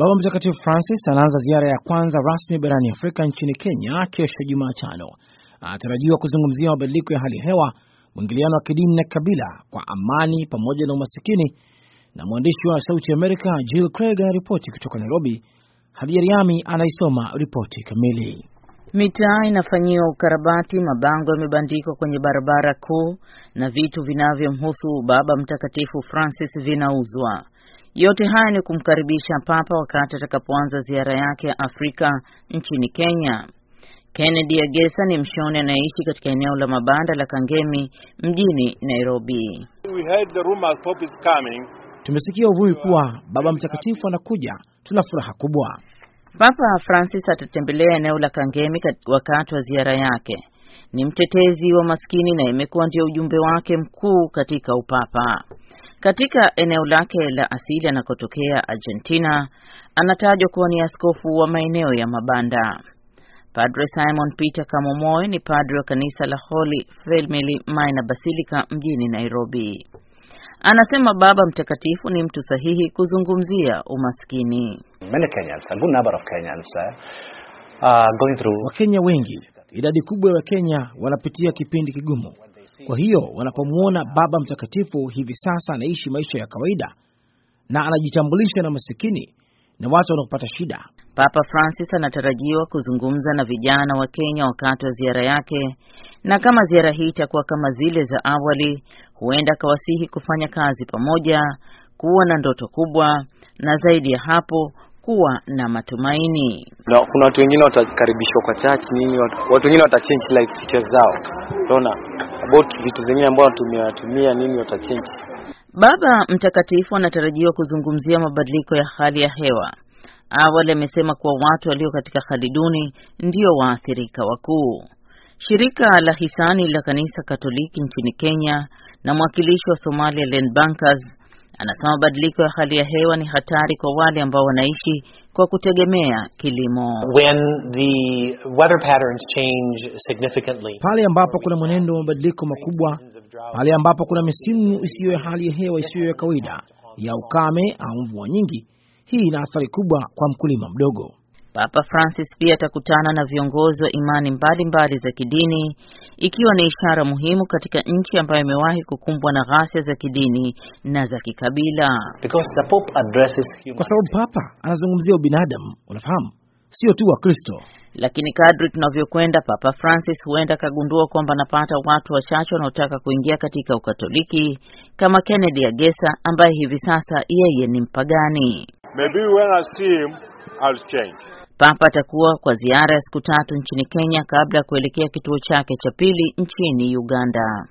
Baba Mtakatifu Francis anaanza ziara ya kwanza rasmi barani Afrika nchini Kenya kesho Jumatano. Anatarajiwa kuzungumzia mabadiliko ya hali ya hewa, mwingiliano wa kidini na kabila kwa amani pamoja na umasikini. Na mwandishi wa Sauti Amerika Jill Craig anaripoti kutoka Nairobi. hadhiariami anaisoma ripoti kamili. Mitaa inafanyiwa ukarabati, mabango yamebandikwa kwenye barabara kuu na vitu vinavyomhusu Baba Mtakatifu Francis vinauzwa. Yote haya ni kumkaribisha Papa wakati atakapoanza ziara yake ya Afrika nchini Kenya. Kennedy Agesa ni mshoni anayeishi katika eneo la mabanda la Kangemi mjini Nairobi. We heard the Pope is coming. Tumesikia uvumi kuwa Baba Mtakatifu anakuja, tuna furaha kubwa. Papa Francis atatembelea eneo la Kangemi wakati wa ziara yake. Ni mtetezi wa maskini na imekuwa ndio ujumbe wake mkuu katika upapa katika eneo lake la asili anakotokea Argentina. Anatajwa kuwa ni askofu wa maeneo ya mabanda. Padre Simon Peter Kamomoe ni padre wa kanisa la Holy Family Minor Basilica mjini Nairobi. Anasema Baba Mtakatifu ni mtu sahihi kuzungumzia umaskini. Eh, Wakenya wengi, idadi kubwa ya Wakenya wanapitia kipindi kigumu kwa hiyo wanapomwona Baba Mtakatifu hivi sasa anaishi maisha ya kawaida na anajitambulisha na masikini na watu wanaopata shida. Papa Francis anatarajiwa kuzungumza na vijana wa Kenya wakati wa ziara yake, na kama ziara hii itakuwa kama zile za awali, huenda akawasihi kufanya kazi pamoja, kuwa na ndoto kubwa, na zaidi ya hapo kuwa na matumaini. Na kuna watu wengine watakaribishwa kwa chachi nini, watu wengine watachange life zao, unaona about vitu zingine ambao wanatumia nini watachange. Baba Mtakatifu anatarajiwa kuzungumzia mabadiliko ya hali ya hewa. Awali amesema kuwa watu walio katika hali duni ndio waathirika wakuu. Shirika la hisani la kanisa Katoliki nchini Kenya na mwakilishi wa Land Bankers Anasema mabadiliko ya hali ya hewa ni hatari kwa wale ambao wanaishi kwa kutegemea kilimo. When the weather patterns change significantly, pale ambapo kuna mwenendo wa mabadiliko makubwa, pale ambapo kuna misimu isiyo ya hali ya hewa isiyo ya kawaida ya ukame au mvua nyingi, hii ina athari kubwa kwa mkulima mdogo. Papa Francis pia atakutana na viongozi wa imani mbalimbali mbali za kidini ikiwa ni ishara muhimu katika nchi ambayo imewahi kukumbwa na ghasia za kidini na za kikabila. Kwa sababu Papa anazungumzia ubinadamu, unafahamu, sio tu wa kristo Lakini kadri tunavyokwenda, Papa Francis huenda akagundua kwamba anapata watu wachache wanaotaka kuingia katika Ukatoliki kama Kennedy Agesa ambaye hivi sasa yeye ni mpagani. Maybe when I see him, I'll change. Papa atakuwa kwa ziara ya siku tatu nchini Kenya kabla ya kuelekea kituo chake cha pili nchini Uganda.